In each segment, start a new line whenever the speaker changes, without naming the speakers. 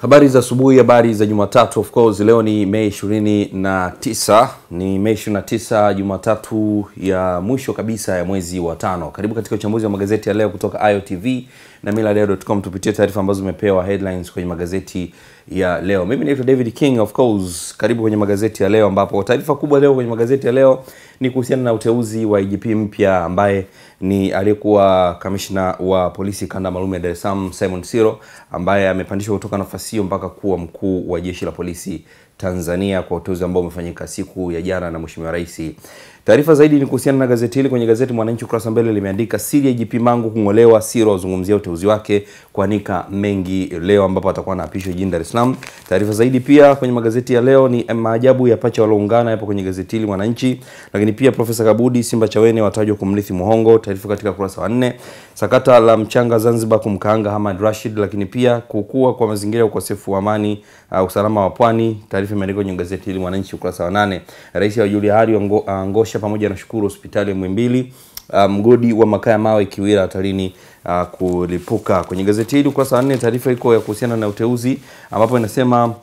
Habari za asubuhi, habari za Jumatatu. Of course leo ni Mei 29, ni Mei 29, Jumatatu ya mwisho kabisa ya mwezi wa tano. Karibu katika uchambuzi wa magazeti ya leo kutoka AyoTV na millardayo.com tupitie taarifa ambazo zimepewa headlines kwenye magazeti ya leo. Mimi naitwa David King of course, karibu kwenye magazeti ya leo, ambapo taarifa kubwa leo kwenye magazeti ya leo ni kuhusiana na uteuzi wa IGP mpya ambaye ni aliyekuwa kamishna wa polisi kanda maalum ya Dar es Salaam Simon Siro, ambaye amepandishwa kutoka nafasi hiyo mpaka kuwa mkuu wa jeshi la polisi Tanzania kwa uteuzi ambao umefanyika siku ya jana na Mheshimiwa Rais. Taarifa zaidi ni kuhusiana na gazeti hili. Kwenye gazeti Mwananchi ukurasa mbele limeandika siri ya JP Mangu kung'olewa, Siro azungumzia uteuzi wake kuanika mengi leo, ambapo atakuwa anaapishwa jijini Dar es Salaam. Taarifa zaidi pia kwenye magazeti ya leo ni maajabu ya pacha walioungana, yapo kwenye gazeti hili Mwananchi. Lakini pia Profesa Kabudi, Simba Chawene watajwa kumrithi Muhongo, taarifa katika kurasa wa nne. Sakata la mchanga Zanzibar kumkaanga Hamad Rashid, lakini pia kukua kwa mazingira ya ukosefu wa amani, uh, usalama wa pwani, taarifa taarifa imeandikwa kwenye gazeti hili Mwananchi ukurasa wa nane. Rais wa Julia Hari angosha ah, pamoja shukuru hospitali Mwimbili ah, mgodi um, wa makaa ya mawe Kiwira hatarini uh, kulipuka. Kwenye gazeti hili ukurasa wa nne taarifa iko ya kuhusiana na uteuzi ambapo inasema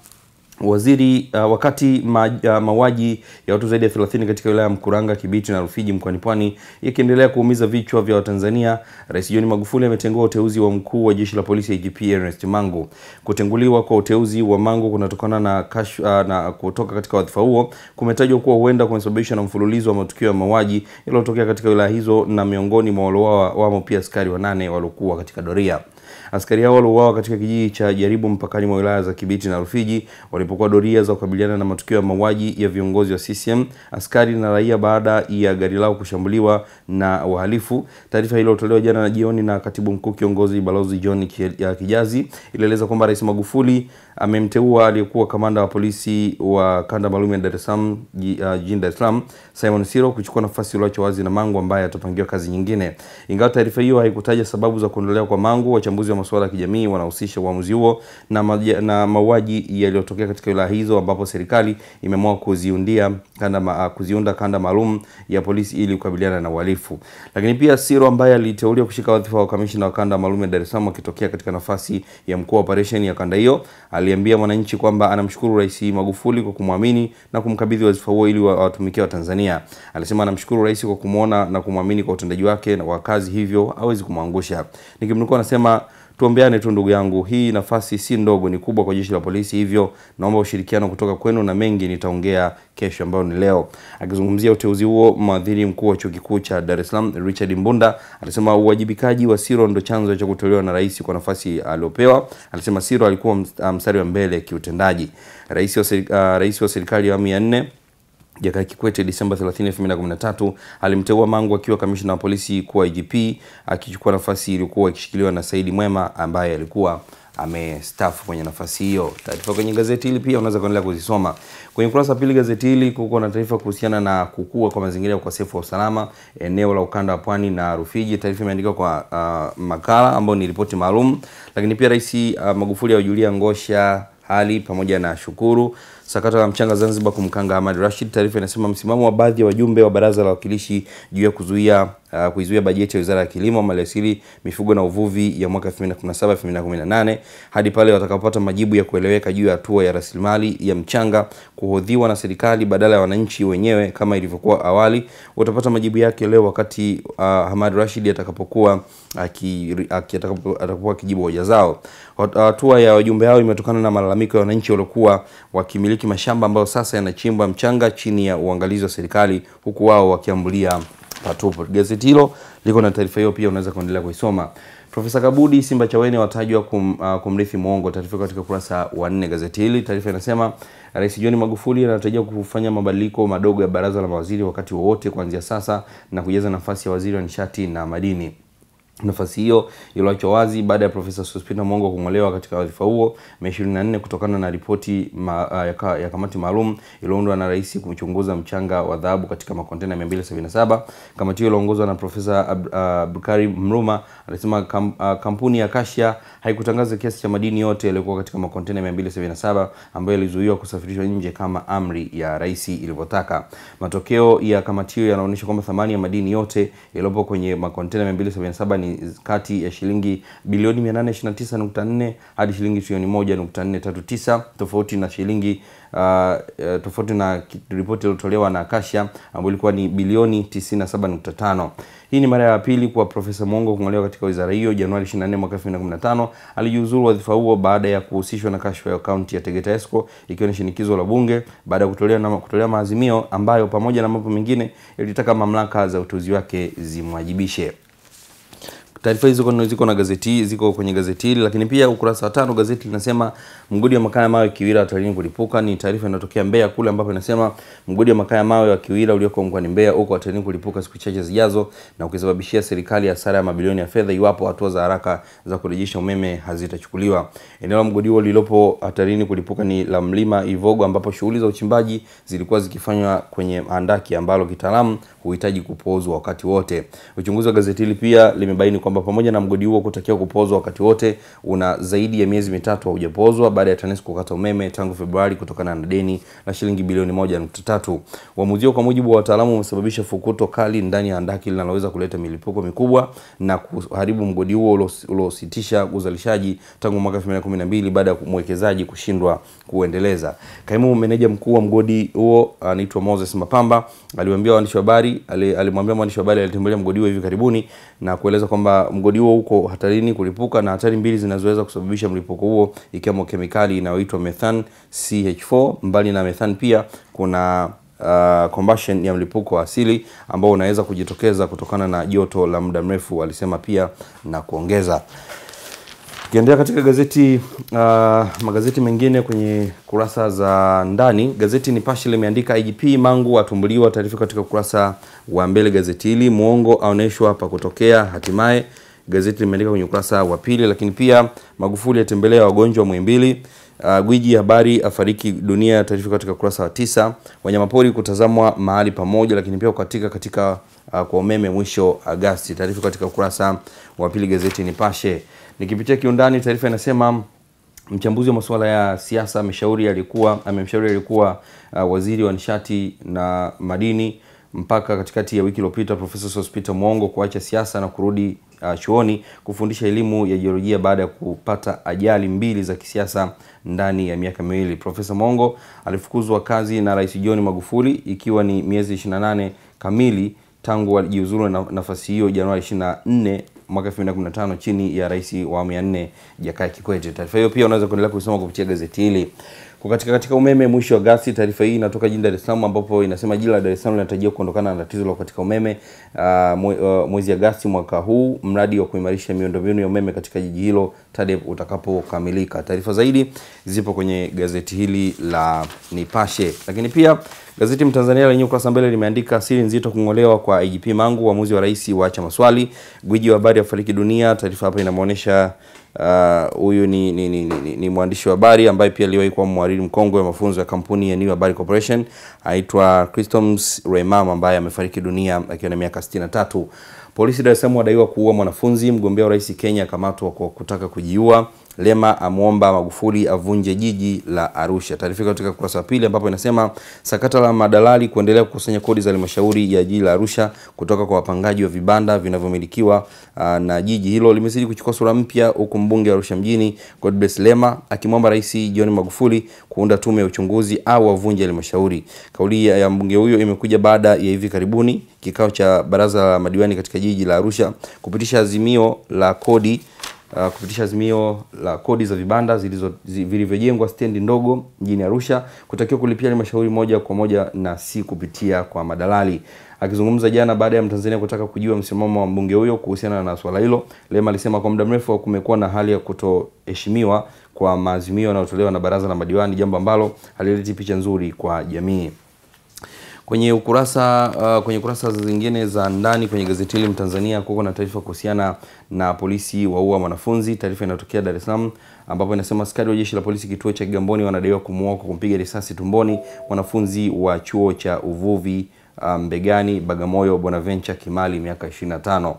Waziri uh, wakati ma, uh, mauaji ya watu zaidi ya 30 katika wilaya ya Mkuranga, Kibiti na Rufiji mkoani Pwani yakiendelea kuumiza vichwa vya Watanzania, Rais John Magufuli ametengua uteuzi wa mkuu wa jeshi la polisi IGP Ernest Mangu. Kutenguliwa kwa uteuzi wa Mangu kunatokana na, kash, uh, na kutoka katika wadhifa huo kumetajwa kuwa huenda kumesababishwa na mfululizo wa matukio ya mauaji yaliyotokea katika wilaya hizo, na miongoni mwa waliouawa wamo pia askari wanane waliokuwa katika doria. Askari hao waliuawa katika kijiji cha Jaribu mpakani mwa wilaya za Kibiti na Rufiji walipokuwa doria za kukabiliana na matukio ya mauaji ya viongozi wa CCM, askari na raia baada ya gari lao kushambuliwa na wahalifu. Taarifa hilo iliyotolewa jana na jioni na katibu mkuu kiongozi Balozi John Kijazi ilieleza kwamba Rais Magufuli amemteua aliyekuwa kamanda wa polisi wa kanda maalum ya Dar es Salaam uh, jijini Dar es Salaam Simon Siro kuchukua nafasi iliyoachwa wazi na Mangu ambaye atapangiwa kazi nyingine. Ingawa taarifa hiyo haikutaja sababu za kuondolewa kwa Mangu, wachambuzi wachambuzi wa masuala ya kijamii wanahusisha uamuzi huo na, na mauaji yaliyotokea katika wilaya hizo ambapo serikali imeamua kuziundia kanda ma, ah, kuziunda kanda maalum ya polisi ili kukabiliana na uhalifu. Lakini pia Siro ambaye aliteuliwa kushika wadhifa wa kamishna wa kanda maalum ya Dar es Salaam akitokea katika nafasi ya mkuu wa operesheni ya kanda hiyo aliambia Mwananchi kwamba anamshukuru Rais Magufuli kwa kumwamini na kumkabidhi wadhifa huo ili watumikia Watanzania. Alisema anamshukuru rais kwa kumwona na kumwamini kwa utendaji wake na wa kazi, hivyo hawezi kumwangusha. Nikimnukuu anasema Tuombeane tu ndugu yangu, hii nafasi si ndogo, ni kubwa kwa jeshi la polisi, hivyo naomba ushirikiano kutoka kwenu na mengi nitaongea kesho, ambayo ni leo. Akizungumzia uteuzi huo, mwadhiri mkuu wa chuo kikuu cha Dar es Salaam Richard Mbunda alisema uwajibikaji wa Siro ndo chanzo cha kutolewa na rais kwa nafasi aliyopewa. Alisema Siro alikuwa mstari wa mbele kiutendaji. Ah, rais wa serikali ya awamu ya nne Jakaya Kikwete Disemba 30, 2013 alimteua Mangu akiwa kamishna wa polisi kuwa IGP akichukua nafasi iliyokuwa ikishikiliwa na Saidi Mwema ambaye alikuwa amestafu kwenye nafasi hiyo. Taarifa kwenye gazeti hili pia unaweza kuendelea kuzisoma kwenye ukurasa wa pili. Gazeti hili kuko na taarifa kuhusiana na kukua kwa mazingira ya ukosefu wa usalama eneo la ukanda wa pwani na Rufiji. Taarifa imeandikwa kwa uh, makala ambayo ni ripoti maalum, lakini pia Rais uh, Magufuli aujulia Ngosha hali pamoja na Shukuru sakata la mchanga Zanzibar kumkanga Ahmad Rashid. Taarifa inasema msimamo wa baadhi ya wajumbe wa baraza la wawakilishi juu ya kuzuia uh, kuizuia bajeti ya Wizara ya Kilimo, Maliasili, Mifugo na Uvuvi ya mwaka 2017-2018 hadi pale watakapopata majibu ya kueleweka juu ya hatua ya rasilimali ya mchanga kuhodhiwa na serikali badala ya wananchi wenyewe kama ilivyokuwa awali. Utapata majibu yake leo wakati uh, Hamad Rashid atakapokuwa atakapokuwa akijibu hoja zao. Uh, hatua ya wajumbe hao imetokana na malalamiko ya wananchi waliokuwa wakimiliki mashamba ambayo sasa yanachimbwa mchanga chini ya uangalizi wa serikali, huku wao wakiambulia patupu. Gazeti hilo liko na taarifa hiyo pia, unaweza kuendelea kuisoma. Profesa Kabudi Simba Chaweni watajwa kum, uh, kumrithi Mwongo. Taarifa katika ukurasa wa nne gazeti hili. Taarifa inasema Rais John Magufuli anatarajia kufanya mabadiliko madogo ya baraza la mawaziri wakati wowote kuanzia sasa na kujaza nafasi ya waziri wa nishati na madini. Nafasi hiyo iliyoachwa wazi baada ya Profesa suspina Mongo kung'olewa katika wadhifa huo Mei 24 kutokana na ripoti ma, uh, ya, ka, ya kamati maalum iliyoundwa na rais kumchunguza mchanga wa dhahabu katika makontena 277. Kamati hiyo iliongozwa na Profesa ah, Abdulkarim Mruma Anasema kam, uh, kampuni ya Kashia haikutangaza kiasi cha madini yote yaliyokuwa katika makontena 277 ambayo yalizuiwa kusafirishwa nje kama amri ya rais ilivyotaka. Matokeo ya kamati hiyo yanaonyesha kwamba thamani ya madini yote yaliyopo kwenye makontena 277 ni kati ya shilingi bilioni 829.4 hadi shilingi trilioni 1.439 tofauti na shilingi Uh, uh tofauti na ripoti iliyotolewa na Kasha ambayo ilikuwa ni bilioni 97.5. Hii ni mara ya pili kwa Profesa Mongo kung'olewa katika wizara hiyo. Januari 24 mwaka 2015 alijiuzuru wadhifa huo baada ya kuhusishwa na kashfa ya kaunti ya Tegeta Escrow, ikiwa ni shinikizo la bunge baada ya kutolea, na kutolewa maazimio ambayo pamoja na mambo mengine yalitaka mamlaka za uteuzi wake zimwajibishe. Taarifa hizo ziko na gazeti ziko kwenye gazeti hili, lakini pia ukurasa wa tano gazeti linasema mgodi wa makaa ya mawe Kiwira hatarini kulipuka. Ni taarifa inatokea Mbeya kule, ambapo inasema mgodi wa makaa ya mawe wa Kiwira ulioko mkoani Mbeya huko hatarini kulipuka siku chache zijazo na kuisababishia serikali hasara ya mabilioni ya fedha iwapo hatua za haraka za kurejesha umeme hazitachukuliwa. Eneo la mgodi huo lililopo hatarini kulipuka ni la Mlima Ivogo, ambapo shughuli za uchimbaji zilikuwa zikifanywa kwenye andaki ambalo kitaalamu huhitaji kupozwa wakati wote. Uchunguzi wa gazeti hili pia limebaini kwamba kwamba pamoja na mgodi huo kutakiwa kupozwa wakati wote, una zaidi ya miezi mitatu haujapozwa baada ya TANESCO kukata umeme tangu Februari kutokana na deni la shilingi bilioni 1.3. nukta Uamuzi kwa mujibu wa wataalamu umesababisha fukuto kali ndani ya handaki linaloweza kuleta milipuko mikubwa na kuharibu mgodi huo uliositisha uzalishaji tangu mwaka 2012 baada ya mwekezaji kushindwa kuendeleza. Kaimu meneja mkuu wa mgodi huo anaitwa Moses Mapamba aliwaambia waandishi wa habari, alimwambia mwandishi wa habari alitembelea mgodi huo hivi karibuni na kueleza kwamba mgodi huo uko hatarini kulipuka na hatari mbili zinazoweza kusababisha mlipuko huo ikiwemo kemikali inayoitwa methan CH4. Mbali na methan pia kuna uh, combustion ya mlipuko wa asili ambao unaweza kujitokeza kutokana na joto la muda mrefu, alisema pia na kuongeza Tukiendelea katika gazeti uh, magazeti mengine kwenye kurasa za ndani, gazeti Nipashe limeandika IGP Mangu atumbuliwa, taarifa katika ukurasa wa mbele gazeti hili. Mwongo aonyeshwa pa kutokea hatimaye, gazeti limeandika kwenye ukurasa wa pili. Lakini pia Magufuli atembelea wagonjwa Muhimbili. Uh, gwiji habari afariki dunia, taarifa katika ukurasa wa tisa. Wanyamapori kutazamwa mahali pamoja, lakini pia kukatika katika uh, kwa umeme mwisho Agasti, taarifa katika ukurasa wa pili gazeti Nipashe. Nikipitia kiundani, taarifa inasema mchambuzi wa masuala ya siasa ameshauri alikuwa amemshauri alikuwa uh, waziri wa nishati na madini mpaka katikati ya wiki iliyopita Profesa Sospeter Mwongo kuacha siasa na kurudi uh, chuoni kufundisha elimu ya jiolojia baada ya kupata ajali mbili za kisiasa ndani ya miaka miwili. Profesa Mwongo alifukuzwa kazi na Rais John Magufuli ikiwa ni miezi 28 kamili tangu alijiuzuru na nafasi hiyo Januari 24 mwaka 2015 chini ya rais wa awamu ya nne Jakaya Kikwete. Taarifa hiyo pia unaweza kuendelea kusoma kupitia gazeti hili kwa katika umeme mwisho wa gasi. Taarifa hii inatoka jijini Dar es Salaam ambapo inasema jiji la Dar es Salaam linatarajia kuondokana na tatizo la katika umeme uh, mwe, uh, mwezi Agasti mwaka huu, mradi wa kuimarisha miundombinu ya umeme katika jiji hilo TADEP utakapokamilika. Taarifa zaidi zipo kwenye gazeti hili la Nipashe, lakini pia Gazeti Mtanzania lenye ukurasa mbele limeandika siri nzito kung'olewa kwa IGP Mangu, uamuzi wa rais waacha maswali, gwiji wa habari afariki dunia. Taarifa hapa inamuonesha Uh, huyu uh, ni, ni, ni, ni, ni mwandishi wa habari ambaye pia aliwahi kuwa mhariri mkongwe wa mafunzo ya kampuni ya New Habari Corporation, aitwa Christoms Raimam ambaye amefariki dunia akiwa na miaka 63. Polisi Dar es Salaam wadaiwa kuua mwanafunzi. Mgombea urais Kenya akamatwa kwa kutaka kujiua. Lema amwomba Magufuli avunje jiji la Arusha. Taarifa katika ukurasa pili ambapo inasema sakata la madalali kuendelea kukusanya kodi za halmashauri ya jiji la Arusha kutoka kwa wapangaji wa vibanda vinavyomilikiwa uh, na jiji hilo limezidi kuchukua sura mpya, huku mbunge wa Arusha mjini Godbless Lema akimwomba Rais John Magufuli kuunda tume ya uchunguzi au avunje halmashauri. Kauli ya mbunge huyo imekuja baada ya hivi karibuni kikao cha baraza la madiwani katika jiji la Arusha kupitisha azimio la kodi uh, kupitisha azimio la kodi za vibanda vilivyojengwa stendi ndogo mjini Arusha kutakiwa kulipia halmashauri moja kwa moja na si kupitia kwa madalali. Akizungumza jana baada ya Mtanzania kutaka kujua msimamo wa mbunge huyo kuhusiana na swala hilo, Lema alisema kwa muda mrefu kumekuwa na hali ya kutoheshimiwa kwa maazimio yanayotolewa na baraza la madiwani, jambo ambalo halileti picha nzuri kwa jamii. Kwenye ukurasa uh, kwenye kurasa zingine za ndani kwenye gazeti hili Mtanzania kuko na taarifa kuhusiana na polisi waua mwanafunzi. Taarifa inatokea Dar es Salaam ambapo inasema askari wa jeshi la polisi kituo cha Kigamboni wanadaiwa kumuua kwa kumpiga risasi tumboni mwanafunzi wa chuo cha uvuvi uh, Mbegani, um, Bagamoyo, Bonaventure Kimali, miaka 25.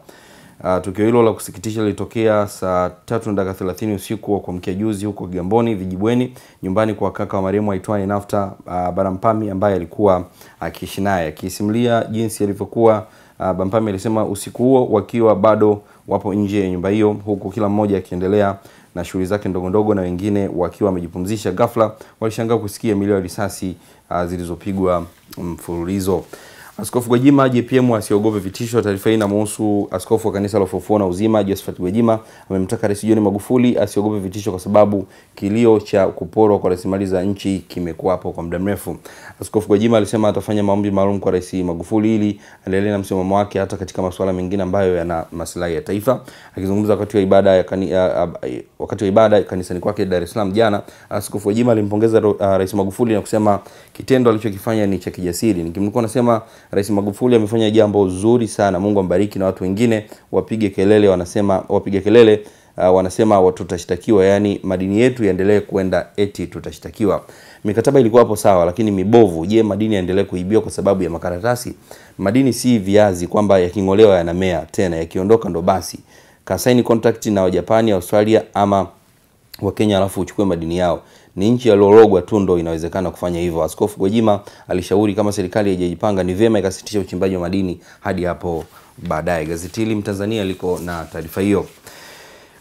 Uh, tukio hilo la kusikitisha lilitokea saa tatu na dakika thelathini usiku wa kuamkia juzi huko Kigamboni Vijibweni, nyumbani kwa kaka wa marehemu aitwaye Nafta uh, Barampami ambaye alikuwa akiishi uh, naye. Akisimulia jinsi alivyokuwa uh, Barampami alisema usiku huo wakiwa bado wapo nje ya nyumba hiyo, huku kila mmoja akiendelea na shughuli zake ndogondogo na wengine wakiwa wamejipumzisha, ghafla walishangaa kusikia milio ya risasi uh, zilizopigwa mfululizo. Askofu Gwajima JPM asiogope vitisho. Taarifa hii inamhusu askofu wa kanisa la Ufufuo na Uzima Josephat Gwajima amemtaka Rais John Magufuli asiogope vitisho kwa sababu kilio cha kuporwa kwa rasilimali za nchi kimekuwapo kwa muda mrefu. Askofu Gwajima alisema atafanya maombi maalum kwa Rais Magufuli ili aendelee na msimamo wake hata katika masuala mengine ambayo yana maslahi ya taifa. Akizungumza wakati wa ibada ya kani, ya, wakati wa ibada kanisani kwake Dar es Salaam jana, Askofu Gwajima alimpongeza uh, Rais Magufuli na kusema kitendo alichokifanya ni cha kijasiri. Nikimnukuu anasema Rais Magufuli amefanya jambo zuri sana, Mungu ambariki, na watu wengine wapige kelele, wanasema wapiga kelele Uh, wanasema tutashtakiwa, yani madini yetu yaendelee kwenda eti tutashtakiwa. Mikataba ilikuwa hapo sawa, lakini mibovu. Je, madini yaendelee kuibiwa kwa sababu ya makaratasi? Madini si viazi kwamba yaking'olewa yanamea tena, yakiondoka ndo basi. Kasaini contract na Wajapani, Australia ama Wakenya alafu uchukue madini yao ni nchi ya Lorogwa tu ndo inawezekana kufanya hivyo. Askofu Gwajima alishauri kama serikali haijajipanga ni vyema ikasitisha uchimbaji wa madini hadi hapo baadaye. Gazeti hili Mtanzania liko na taarifa hiyo.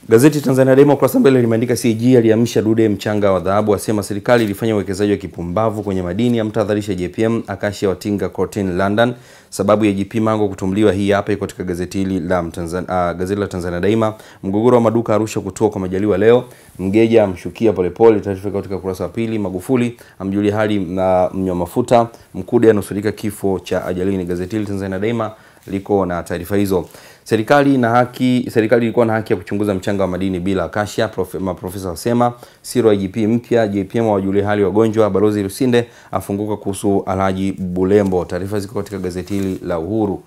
Gazeti Tanzania Daima ukurasa mbele limeandika CAG aliamsha dude mchanga wa dhahabu, asema serikali ilifanya uwekezaji wa kipumbavu kwenye madini, amtahadharisha JPM, Akashia watinga kortini London, sababu ya JP Mango kutumliwa. Hii hapa iko katika gazeti hili la Mtanzania, uh, gazeti la Tanzania Daima. Mgogoro wa maduka Arusha kutua kwa Majaliwa leo, Mgeja amshukia Polepole, taarifa katika kurasa wa pili. Magufuli amjulia hali na ah, mnywa mafuta, Mkude anusurika kifo cha ajalini. Gazeti hili Tanzania Daima liko na taarifa hizo. Serikali ina haki, serikali ilikuwa na haki ya kuchunguza mchanga wa madini bila kasha, profe, maprofesa wasema. Siro IGP mpya, JPM wajulie hali wagonjwa. Balozi Lusinde afunguka kuhusu Alhaji Bulembo. Taarifa ziko katika gazeti hili la Uhuru.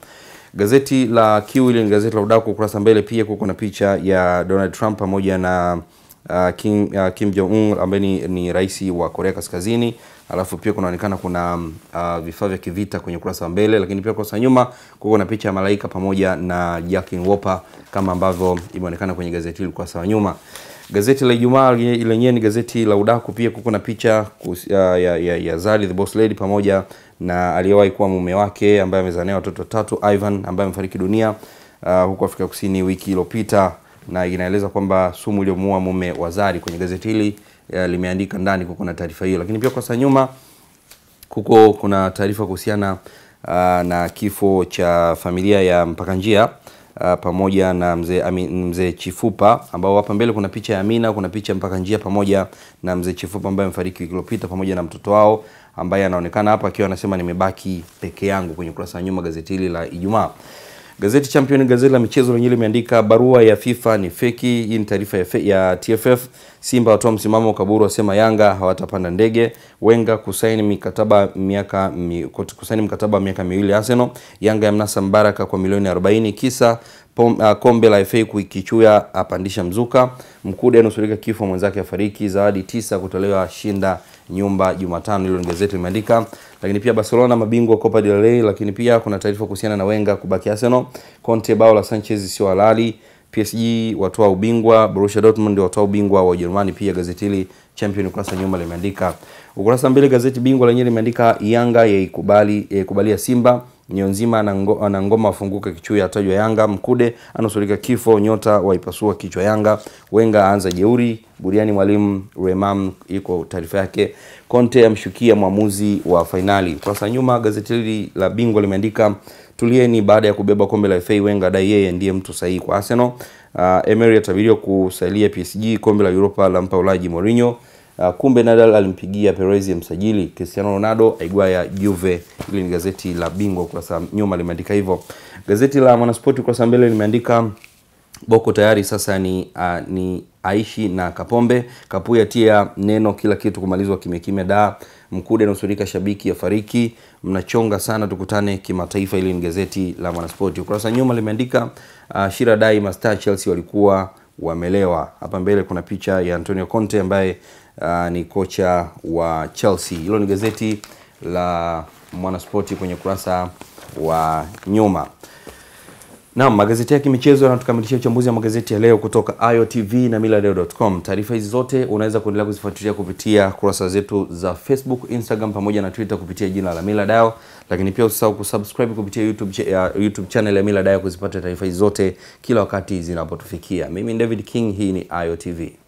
Gazeti la Kiwili ni gazeti la udaku, ukurasa mbele pia kuko na picha ya Donald Trump pamoja na uh, Kim, uh, Kim Jong Un ambaye ni, ni rais wa Korea Kaskazini alafu pia kunaonekana kuna uh, vifaa vya kivita kwenye ukurasa wa mbele, lakini pia ukurasa wa nyuma kuko na picha ya malaika pamoja na Jack Wolper kama ambavyo imeonekana kwenye gazeti hili ukurasa wa nyuma. Gazeti la Ijumaa lenyewe ni gazeti la udaku, pia kuko na picha kus, ya, ya, ya, ya Zari the Boss Lady pamoja na aliyewahi kuwa mume wake ambaye amezaa naye watoto watatu Ivan ambaye amefariki dunia uh, huko Afrika Kusini wiki iliyopita, na inaeleza kwamba sumu iliyomuua mume wa Zari. Kwenye gazeti hili limeandika ndani kuko na taarifa hiyo, lakini pia kwa nyuma kuko kuna taarifa kuhusiana uh, na kifo cha familia ya njia uh, pamoja na mzee mzee Chifupa ambao hapa mbele kuna picha ya Amina, kuna picha mpaka Mpakanjia pamoja na mzee Chifupa ambaye amefariki wiki iliyopita pamoja na mtoto wao ambaye anaonekana hapa akiwa anasema nimebaki peke yangu kwenye kurasa wa nyuma gazeti hili la Ijumaa. Gazeti Champion, gazeti la michezo lenyewe limeandika barua ya FIFA ni feki. Hii ni taarifa ya, ya TFF. Simba watoa msimamo, Kaburu wasema Yanga hawatapanda ndege. Wenga kusaini mikataba miaka mi, kusaini mkataba miaka miwili Arsenal. Yanga ya mnasa Mbaraka kwa milioni 40 kisa pom, uh, kombe la FA kuikichuya apandisha mzuka. Mkude anusurika kifo mwenzake afariki. Zawadi tisa kutolewa shinda nyumba Jumatano. Hilo ni gazeti limeandika lakini pia Barcelona mabingwa Copa del Rey, lakini pia kuna taarifa kuhusiana na Wenger kubaki Arsenal, Conte bao la Sanchez sio halali, PSG watoa ubingwa, Borussia Dortmund watoa ubingwa wa Ujerumani. Pia gazeti hili Champion ukurasa nyuma limeandika ukurasa mbili, gazeti Bingwa lenyewe limeandika Yanga yaikubalia Simba Nyonzima ana ngoma afunguka kichui atajwa Yanga, Mkude anusurika kifo, nyota waipasua kichwa Yanga, Wenga aanza jeuri, buriani mwalimu Remam, iko taarifa yake. Conte amshukia mwamuzi wa fainali. Kurasa nyuma gazeti hili la Bingwa limeandika tulieni baada ya kubeba kombe la FA, Wenga dai yeye ndiye mtu sahihi kwa Arsenal. Uh, Emery atabiriwa kusalia PSG, kombe la Europa la mpaulaji Mourinho. Uh, kumbe Nadal alimpigia Perez ya msajili Cristiano Ronaldo aigua ya Juve. Hili ni gazeti la Bingwa ukurasa nyuma limeandika hivyo. Gazeti la Mwanaspoti ukurasa mbele limeandika Boko tayari sasa ni, uh, ni Aishi na Kapombe. Kapuya tia neno kila kitu kumalizwa kimekimya da Mkude anusurika shabiki ya fariki, mnachonga sana, tukutane kimataifa. Hili ni gazeti la Mwanaspoti ukurasa nyuma limeandika uh, Shira dai mastaa Chelsea walikuwa wamelewa. Hapa mbele kuna picha ya Antonio Conte ambaye uh, ni kocha wa Chelsea. Hilo ni gazeti la Mwanaspoti kwenye kurasa wa nyuma. Naam, magazeti ya kimichezo yanatukamilishia uchambuzi wa magazeti ya leo kutoka Ayo na millardayo.com. Taarifa hizi zote unaweza kuendelea kuzifuatilia kupitia kurasa zetu za Facebook, Instagram pamoja na Twitter kupitia jina la Millardayo, lakini pia usisahau kusubscribe kupitia YouTube, ch uh, YouTube channel ya Millardayo kuzipata taarifa hizi zote kila wakati zinapotufikia. Mimi David King, hii ni Ayo